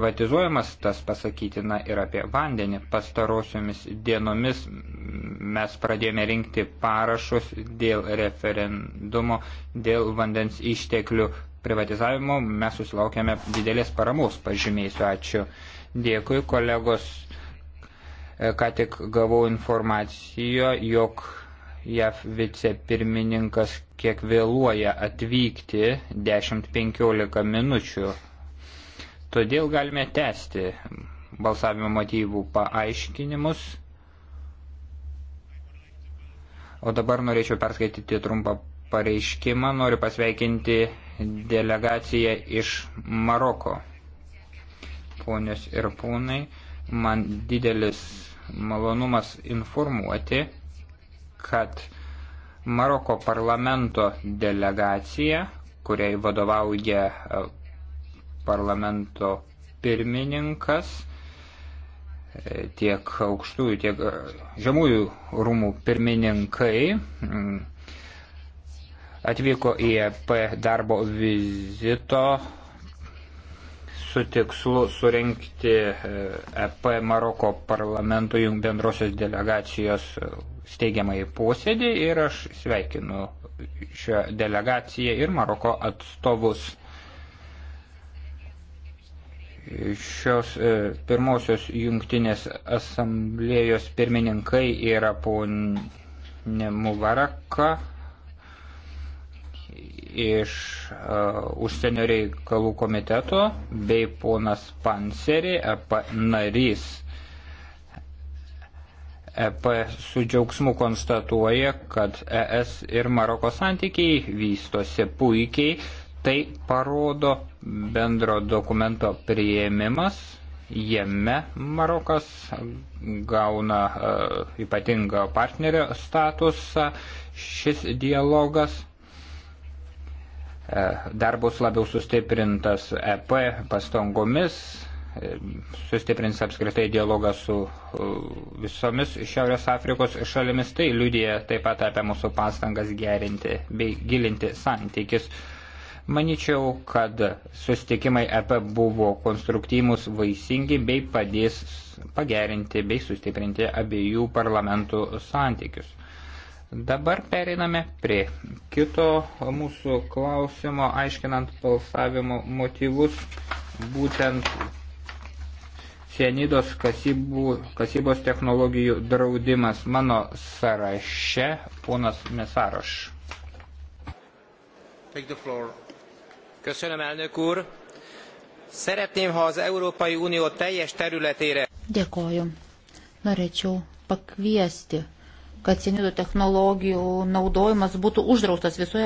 privatizuojamas tas pasakytina ir apie vandenį. Pastarosiomis dienomis mes pradėjome rinkti parašus dėl referendumo, dėl vandens išteklių privatizavimo. Mes susilaukėme didelės paramos, pažymėsiu. Ačiū. Dėkui, kolegos. E, ką tik gavau informaciją, jog JAF vicepirmininkas kiek vėluoja atvykti 10-15 minučių. Todėl galime tęsti balsavimo motyvų paaiškinimus. O dabar norėčiau perskaityti trumpą pareiškimą. Noriu pasveikinti delegaciją iš Maroko. Ponios ir ponai, man didelis malonumas informuoti, kad Maroko parlamento delegacija, kuriai vadovauja parlamento pirmininkas, tiek aukštųjų, tiek e, žemųjų rūmų pirmininkai mm, atvyko į EP darbo vizito su tikslu surenkti EP e Maroko parlamento bendrosios delegacijos e, steigiamai posėdį ir aš sveikinu šią delegaciją ir Maroko atstovus. Šios e, pirmosios jungtinės asamblėjos pirmininkai yra ponė Muvaraka iš e, užsienio reikalų komiteto bei ponas Panseri, EP narys. EP su džiaugsmu konstatuoja, kad ES ir Maroko santykiai vystosi puikiai, Tai parodo bendro dokumento prieimimas, jame Marokas gauna uh, ypatingą partnerio statusą, šis dialogas e, dar bus labiau sustiprintas EP pastangomis, e, sustiprins apskritai dialogą su visomis Šiaurės Afrikos šalimis, tai liudija taip pat apie mūsų pastangas gerinti bei gilinti santykis Maničiau, kad sustikimai EP buvo konstruktyvus, vaisingi bei padės pagerinti bei sustiprinti abiejų parlamentų santykius. Dabar pereiname prie kito mūsų klausimo, aiškinant balsavimo motyvus, būtent cienidos kasybų, kasybos technologijų draudimas mano sąraše, ponas Mesaroš. Take the floor. Szeretném, ha az Európai Unió teljes területére. Dėkoju. Norėčiau pakviesti, kad senų technologijų naudojimas būtų uždraustas visoje